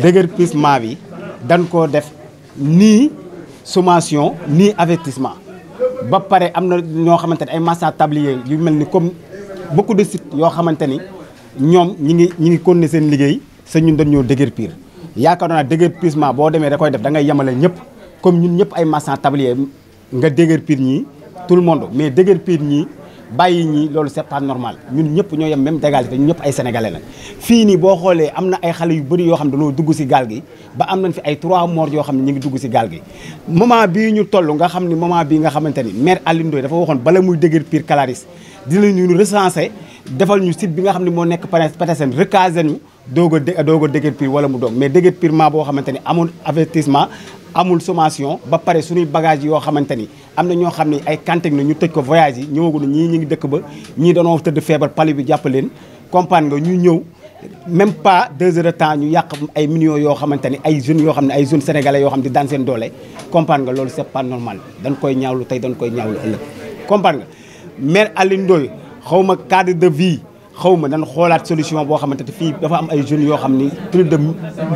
déguerpissement bi dañ koo def nii sommation nii avertissement ba pare am na ñoo xamante ne ay massa tablier yu mel ni comme beaucoup de sites yoo xamante ni ñoom ñi ngi ñi ngi continuer seen liggéey sa ñun dañoo déguerpir yaakaar naa déguerpissement boo demee da koy def da ngay yemale ñëpp comme ñun ñëpp ay massa tablier nga déguerpir ñii tout le monde mais déguerpir ñii bàyyi ñi loolu c'est pas normal ñun ñëpp ñoo yem même d'égalité ñun ñëpp ay sénégalais lañ fii nii boo xoolee am na ay xale yu bëri yoo xam ne dañoo dugg si gaal gi ba am nañ ay trois morts yoo xam ne ñu ngi dugg si gaal gi moment bii ñu toll nga xam ni moment bii nga xamante ni maire Alioune Ndoye dafa waxoon bala muy dëgër Pire Calaris dina ñu recensé defal ñu site bi nga xam ne moo nekk Petersen recasé ñu doog a dëgër Pire wala mu doog mais dëgër Pire maa boo xamante ni amoon avertissement amul sommation ba pare suñuy bagage yoo xamante ni am na ñoo xam ne ay kantig na ñu tëj ko voyage yi ñëwagul ñii ñu ngi dëkk ba ñii danoo tëdd feebar pali bi jàppaleen leen comprendre nga ñu ñëw même pas deux heures de temps ñu yàq ay millions yoo xamante ni ay jeunes yoo xam ne ay jeunes sénégalais yoo xam ne di seen doole comprendre nga loolu c'est pas normal dañ koy ñaawlu tey dañ koy ñaawlu ëllëg comprendre nga maire Alioune xaw ma cadre de vie xaw ma nan xoolaat solution boo xamante ni fii dafa am ay jeunes yoo xam ni plus de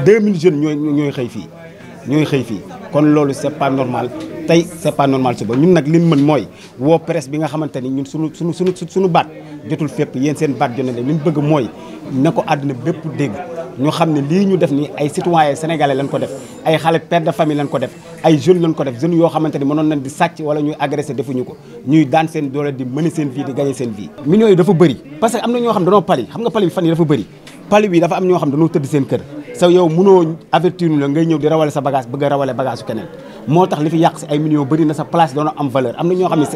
deux mille jeunes ñooy ñooy xëy fii ñu xëy fii kon loolu c'est pas normal tey c'est pas normal suba ñun nag li mu mën mooy woo presse bi nga xamante ni ñun suñu suñu suñu suñu baat jotul fépp yéen seen baat jonne leen li mu bëgg mooy na ko àdduna bépp dégg ñu xam ne lii ñu def nii ay citoyens sénégalais lañ ko def ay xale père de famille lañ ko def ay jeunes lañ ko def jeunes yoo xamante ni mënoon nañ di sàcc wala ñuy agressé defuñu ko ñuy daan seen doole di mëne seen vie di gagné seen vie millions yi dafa bëri ñoo xam seen kër sa yow mënoo avertir la ngay ñëw di rawale sa bagage bëgg a rawale bagage keneen moo tax lifi yàq si ay millions bëri na sa place doona am valeur am na ñoo xam ne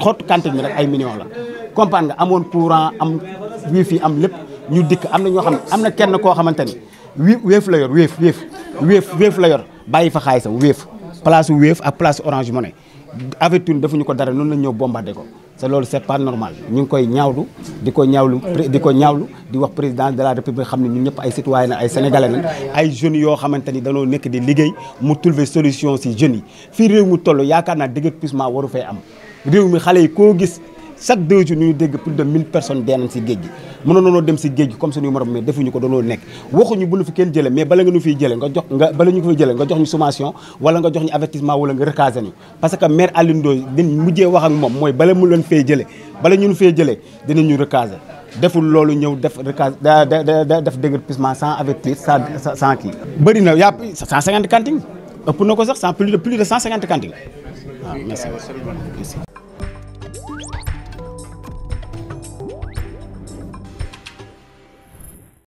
xottu cantine rek ay millions la comprendre nga amoon courant am wifi am lépp ñu dikk am na ñoo xam ne am na kenn koo xamante ni wi wéef la yor wéef wéef wéef wéef la yor bàyyi fa xaalisam wéef place wéef ak place orange money avertir dafa ñu ko dara noonu la ñëw bombardé ko te loolu c'est pas normal ñu ngi koy ñaawlu di ko ñaawlu di ko ñaawlu di wax président de la république xam ne ñun ñëpp ay citoyen na ay sénégalais jeunes yoo xamante ni dañoo nekk di liggéey mu trouver solution si jeunes yi fii réew mu toll yaakaar naa dëgg ak waru fay am réew mi xale yi koo gis sat deux jours ñu dégg plus de mille personnes dee si géej gi mënoon nañoo dem si géej gi comme suñuy morom mais defuñu ko danoo nekk waxuñu bu ñu fi kenn jële mais bala nga ñu fiy jële nga jox nga bala ñu ko fiy jële nga jox ñu sommation wala nga jox ñu avertissement wala nga recasé ñu parce que maire Alioune Ndoye din mujjee wax ak moom mooy bala mu leen fee jële bala ñun fee jëlee dinañu recasé deful loolu ñëw def recasé def déguerpissement sans avertir sans sans kii bëri na yaa 150 cantines ëpp na ko sax sans plus de plus de 150 cantines waaw merci merci